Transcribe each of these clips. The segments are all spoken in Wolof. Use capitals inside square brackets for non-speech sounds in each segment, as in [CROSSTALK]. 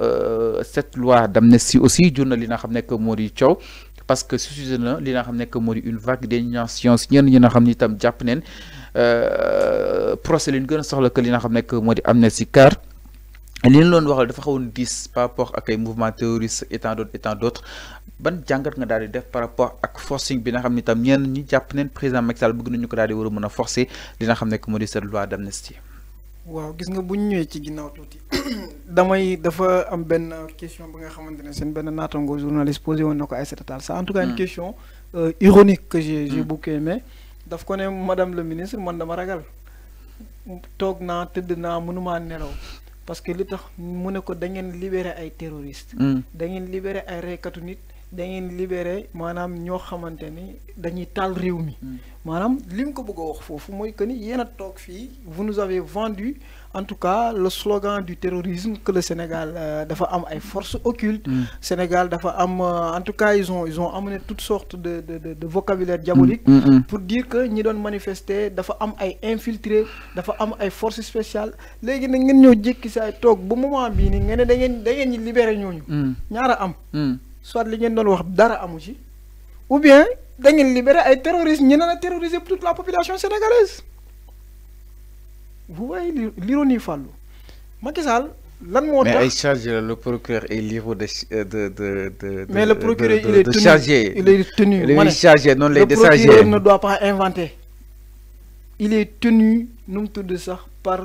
Euh, cette loi d'amnistie aussi jur li nga xam nekk moo di parce que suscité na li nga xam nekk moo une vague d'indignation si ñenn ñi nga xamni tam japp jàpp euh procès li gëna gën soxla que li nga xam nekk moo di amnistie car li ñu waxal dafa xawon diis par rapport ak ay mouvement terroriste et d'autres et d'autres ban jangat nga daal di def par rapport ak forcing bi nga xamni tam ñen ñi japp neen président Macky Sall bëgg nañu ko daal di war a mën a forcer li nga xam nekk moo cette loi d'amnistie waaw [CLEARS THROAT] dafa question journaliste en tout cas une hmm. question euh, ironique que j'ai j'ai hmm. beaucoup aimée. daf madame le ministre man dama ragal parce que li tax mu ne ko da ngeen terroristes hmm. da ngeen da ngeen libéré maanaam ñoo xamante ni dañuy taal réew mi. Hmm. maanaam ko bëgg wax que ni vous nous avez vendu en tout cas le slogan du terrorisme que le Sénégal euh, dafa am ay forces occultes. Hmm. Sénégal dafa am euh, en tout cas ils ont ils ont amené toutes sortes de de de vocabulaire diabolique. Hmm. pour dire que ñi doon manifester dafa am ay infiltrés dafa am ay forces spéciales léegi nag ngeen ñoo jékki saay moment bii nii ngeen ne da ngeen da ngeen libéré ñaara am soit li gens doon wax dara amu ci ou bien da ngeen libérer ay terroristes ñu naan a terroriser toute la population sénégalaise vous voyez l'ironie fallu. Macky Sall lan moo tax mais ay chargé le procureur est libre euh, de de de de. mais le procureur il est tenu il est tenu il est chargé déchargé le procureur ne doit pas inventer. il est tenu nous mu de ça par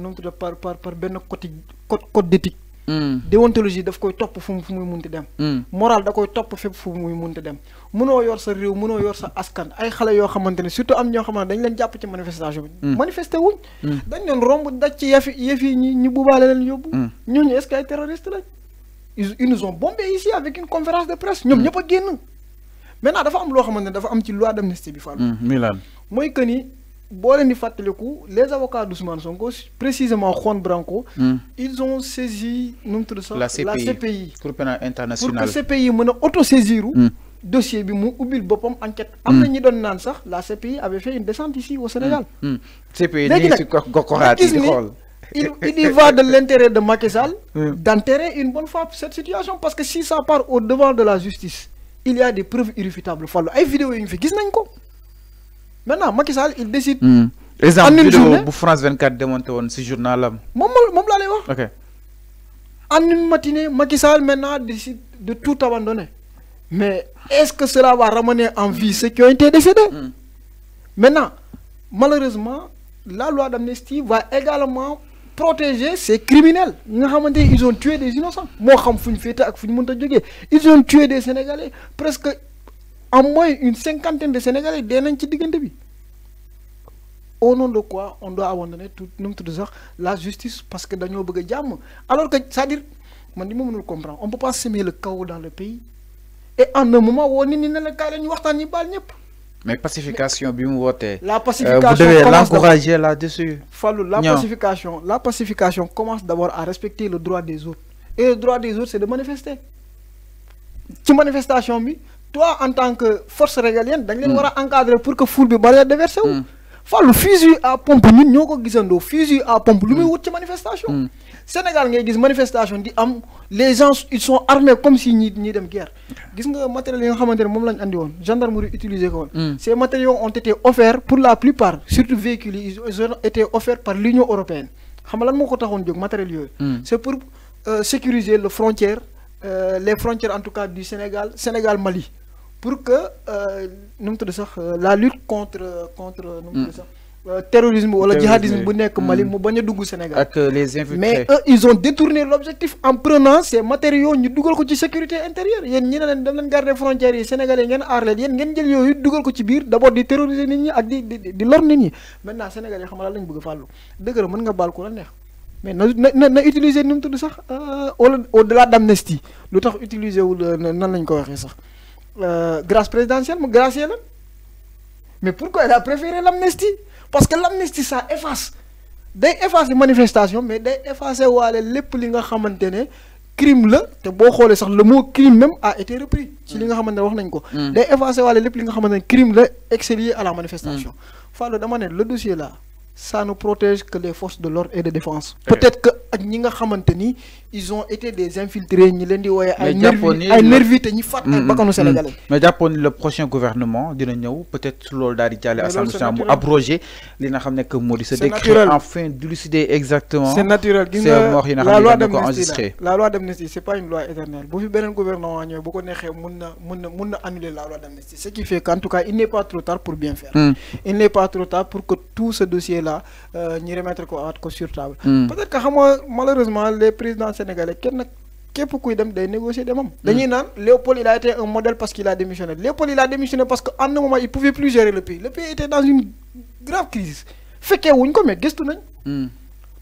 nu mu de euh, par par par ben côté code code d'éthique Mm. déontologie daf koy topp fu fu muy ti dem mm. moral da koy topp fépp fu muy munti dem mënoo yor sa réew mënoo yor sa askan ay xale yoo xamante ne surtout am ñoo xamante ne dañ leen jàpp ci manifestation bi mm. manifesté wuñ dañ leen romb daj ci yëf yëf yi ñi ñu bubaale leen yóbbu ñooñu est-ce que ay terroriste lañ ils nous ont bombé ici avec une conférence de presse ñoom ñëpp a génn maintenant dafa am loo xamante dafa am ci loi d'amnistie bi fàllu muy lan mooy que ni boo coup, les avocats d'Ousmane Sonko précisément Juan Branco. Hmm. ils ont saisi notre la CPI la pour que CPI pays a auto-saisiru. Hmm. dossier bi mu ubbil boppam enquête. après hmm. ñi la CPI avait fait une descente ici au Sénégal. CPI ñu il, y va de l'intérêt de Macky Sall d'enterrer une bonne fois cette situation parce que si ça part au devant de la justice, il y a des preuves irréfutables. Il y a des vidéos qui sont maintenant Macky Sall il décide. Hmm. exemple vidéo France 24 démonté ce si journal moi ok en une matinée Macky Sall maintenant décide de tout abandonner. mais est-ce que cela va ramener en vie ceux qui ont été décédés hmm. Maintenant, malheureusement, la loi d'amnistie va également protéger ces criminels. Ils ont tué des innocents. Ils ont tué des Sénégalais. Presque en moins une cinquantaine de Sénégalais en de diggante bi au nom de quoi on doit abandonner tout notre la justice parce que dañoo bëgg alors que c'est-à-dire man nous on peut pas semer le chaos dans le pays et en un moment où on est dans le calme, ni ñu ni mais pacification bi mu la euh, pacification vous devez l'encourager là-dessus. la pacification la pacification commence d'abord à respecter le droit des autres et le droit des autres c'est de manifester Tu manifestation bi toi en tant que force régalienne dañ leen encadré mm. encadrer pour que foule bi bari déversé wu mm. fusil à pompe nit ñoko ko fusil à pompe lu muy mm. wut ci manifestation Sénégal ngay gis manifestation di am les gens ils sont armés comme si ñi ñi dem guerre gis nga matériel yi nga xamante lañ andi won gendarmerie utiliser ko ces matériaux ont été offerts pour la plupart surtout véhicules ils ont été offerts par l'Union européenne xam lan moko taxone matériel c'est pour euh, sécuriser le frontière euh, les frontières en tout cas du Sénégal Sénégal Mali pour que euh, mu tudd sax euh, la lutte contre contre nu mu tudd hmm. sax euh, terrorisme wala djihadisme bu nekk Mali hmm. mu bañ a Sénégal ak euh, les infiltrés mais eux ils ont détourné l'objectif en prenant ces matériaux ñu dugal ko ci sécurité intérieure il ñi a leen dem leen garder frontière yi sénégalais ngeen aar leen yéen ngeen jël yooyu dugal ko ci d'abord des terroriser nit ñi ak di di di lor nit ñi maintenant sénégalais xam nga lañ bëgg fàllu dëgg la nga baal la neex mais na na na utiliser nu mu sax au au delà d'amnistie lu tax utiliser wul nan lañ ko waxee sax euh, grâce présidentielle mais gracier mais pourquoi elle a préféré l'amnistie parce que l'amnistie ça efface effaces les manifestations, mais elle effacer les les li nga été crime le le mot crime même a été repris ci li nga xamantene wax nañ ko mm. Mm. day effacer li crime la excellié à la manifestation mm. Fallu dama le dossier là ça ne protège que les forces de l'ordre et de défense eh. peut-être que ñi nga xamante ils ont été des infiltrés ñi leen di wooye ay ñi mm, mm, mm. sénégalais mais japonais le prochain gouvernement dina ñeu peut-être su loolu daal di jàllee assemblée nationale mu abrogé li nga xamné que modi di ce décret enfin d'élucider exactement c'est naturel c'est mort yi nga ko la loi d'amnistie c'est pas une loi éternelle bu fi benen gouvernement ñeu bu ko nexé mun na mun na mun na annuler la loi d'amnistie ce qui fait qu'en tout cas il n'est pas trop tard pour bien faire il n'est pas trop tard pour que tout ce dossier là euh, ñi remettre ko aat ko sur table peut-être que xam malheureusement les présidents sénégalais qui képp pas dem day négocier demam. dañuy Léopold il a été un modèle parce qu'il a démissionné Léopold il a démissionné parce qu'à un moment il pouvait plus gérer le pays le pays était dans une grave crise fait wuñ ko mais hmm.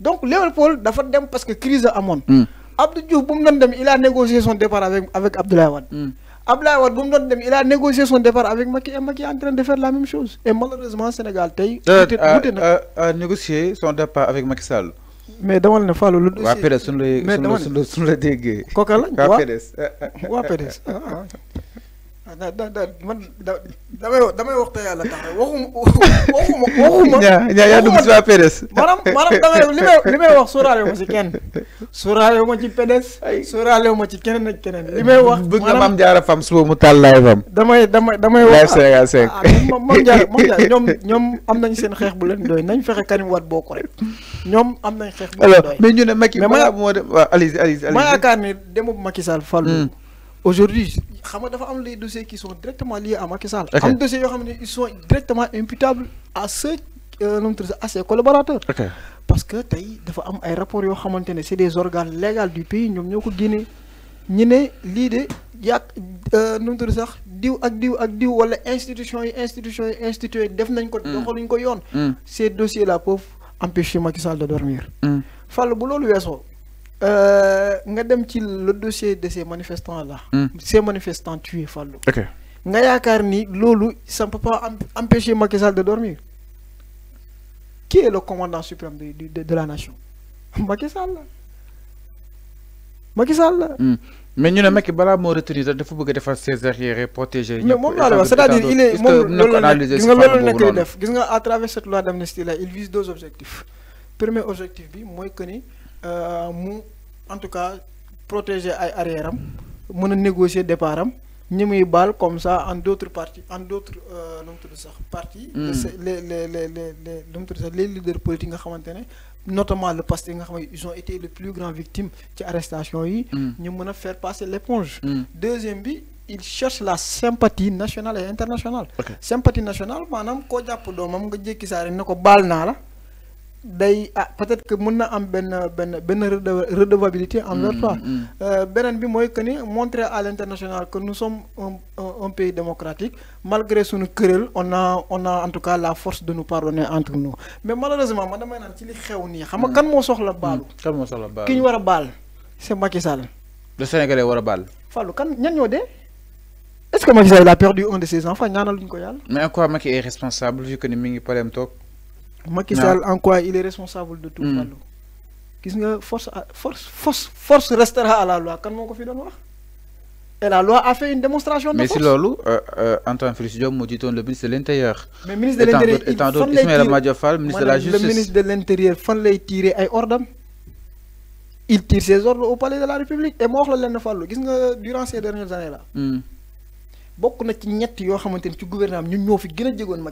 donc Léopold dafa dem parce que crise mon. Hmm. Abdou Diouf bu il a négocié son départ avec avec Abdoulaye Wade. Hmm. Abdoulaye Wade il a négocié son départ avec Macky et Macky est en train de faire la même chose et malheureusement Sénégal euh, a euh, euh, négocié son départ avec Macky Sall. mais demal na Fallou lu. dossier waa PDS suñu la suñu la suñu la déggee. kooka la waa PDS waa PDS da da da da damay wax te yàlla tax rek waxuma waxuma waxuma. ñaa ñaa yaa dugg si waa PDS. maanaam maanaam damay li may wax sóoraale ma si kenn sóoraale ma ci PDS. ay sóoraale ci keneen ak keneen. li may wax bëgg nga a jaara fam suba mu taal laay fam. damay damay damay wax a Sénégal a ah maam jaara maam jaara ñoom ñoom am nañ seen xeex bu leen doy nañ fexe Karim Wade bokk rek ñoom am nañ xeex bu leen doy. alors mais ñu ne Macky. mais ma moo de waaw Aliou Aliou. ma yaakaar ni demu Macky aujourd'hui xam nga dafa am les dossiers qui sont directement liés à Macky Sall. am dossiers ils sont directement imputables à ceux euh, à ses collaborateurs. parce que tay dafa am ay rapports yo xamante c'est des organes légaux du pays ñoom ñoo ko génnee ñu ne lii de yàq euh, nu sax diw ak diw ak diw wala institution institution institué def nañ ko. Hmm. doxaluñ ko yoon. Hmm. ces dossiers là peuvent empêcher Macky Sall de dormir. Hmm. Fall bu lolou wesso euh, nga dem ci le dossier de ces manifestants là. Hmm. ces manifestants tués Fallou. ok nga yakar ni lolu ça ne peut pas empêcher Macky de dormir qui est le commandant suprême de de de la nation [LAUGHS] Macky Sall Mais Macky Sall hmm. mais ñu ne Macky balaa moo retenir Il bëgg a ses arrières et protéger. c'est-à-dire il est il est à travers cette loi d'amnistie là il vise deux objectifs premier objectif bi mooy que ni. Euh, en tout cas protéger ay arrièream négocier départam am ñi muy comme ça en d'autres parties en d'autres euh ça hmm. les les les les les les leaders politiques nga notamment le pasteur, nga ils ont été les plus grands victimes ci arrestation yi. Hmm. ñu mën faire passer l'éponge. Hmm. deuxième bi. il cherche la sympathie nationale et internationale. sympathie nationale manam ko japp doomam nga jékki saari nako bal na la day ah, peut-être que mën am ben ben ben redevabilité envers mm, toi mm. euh, benen bi moy que ni montrer à l'international que nous sommes un un pays démocratique malgré son querelle on a on a en tout cas la force de nous pardonner entre nous mais malheureusement man damay naan ci li xew ni xam nga mm. kan mo soxla bal kan mo soxla bal ki ñu wara bal c'est Macky Sall le Sénégalais wara bal fallu kan ñan ñoo dee est-ce que Macky Sall a perdu un de ses enfants luñ ko yàlla mais quoi Macky est responsable vu que ni mi ngi problème tok Macky Sall en quoi il est responsable de tout ça mm. gis nga force force force force restera à la loi kan moko fi don wax et la loi a fait une démonstration de mais force. Mais si lolu euh, euh, Antoine Félix Diom, nous dit le ministre de l'Intérieur. Mais ministre de l'Intérieur, il le Ismaël ministre de la Justice. Le ministre de l'Intérieur, fan lay le tirer à ordre. Il tire ses ordres au palais de la République. Et len fallu gis nga Durant ces dernières années-là, Hmm de gens qui ont été gouvernés, nous avons fait des gens qui ont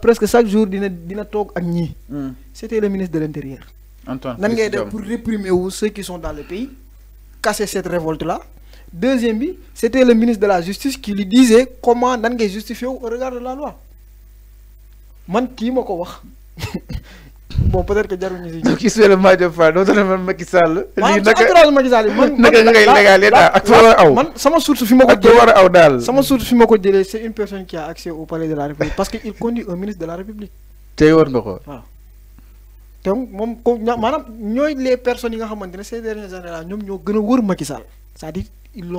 presque chaque jour hmm. c'était le ministre de l'intérieur. Antoine nan ngay pour réprimer ceux qui sont dans le pays casser cette révolte là. deuxième c'était le ministre de la justice qui lui disait comment nan ngay justifier au regard de la loi man [LAUGHS] bon peut-être que jarul ñu si. donc Ismaïla Madior Fall doo doon man Macky Sall. lii naka entourage Macky Sall man naka ngay koy légalee ak fa war aw. man sama source fi mako ko aw daal. sama source fi mako ko c'est une personne qui a accès au palais de la République parce que il conduit un ministre de la République. tey war nga ko. donc mom moom ko maanaam ñooy les personnes yi nga xamante ne ces dernières années là ñoom ñoo gëna wër Macky Sall c'est-à-dire.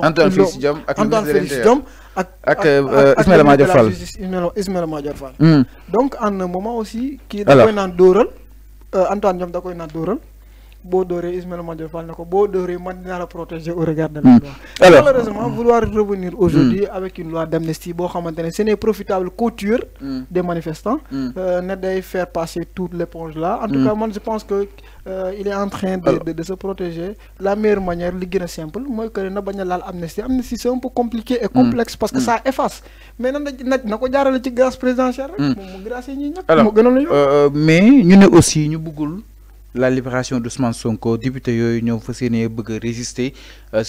Antoine Félix Diome ak Antoine Félix Diome ak ak euh, Ismaël Madior Fall Ismaïla Madior Fall hmm. donc en un moment aussi qui da koy doral Euh, Antoine ñoom da koy naan dóoral boo Ismaël Madior Fall nako ko la protéger au regard de la hmm. loi. malheureusement vouloir revenir aujourd'hui hmm. avec une loi d'amnistie bo xamantene ce n'est profitable couture hmm. des manifestants. Euh, ne day faire passer toute l'éponge là. en tout cas moi je pense que euh, il est en train de de se protéger la meilleure manière li gën simple moi que na baña a amnistie amnistie c'est un peu compliqué et complexe parce que ça efface mais nan na na ci grâce présidentielle rek. grâce ñi ñak mo gënal gënoon euh, euh, mais ñu ne aussi ñu bëggul la libération d'Ousmane Sonko député yoy la fas résister euh,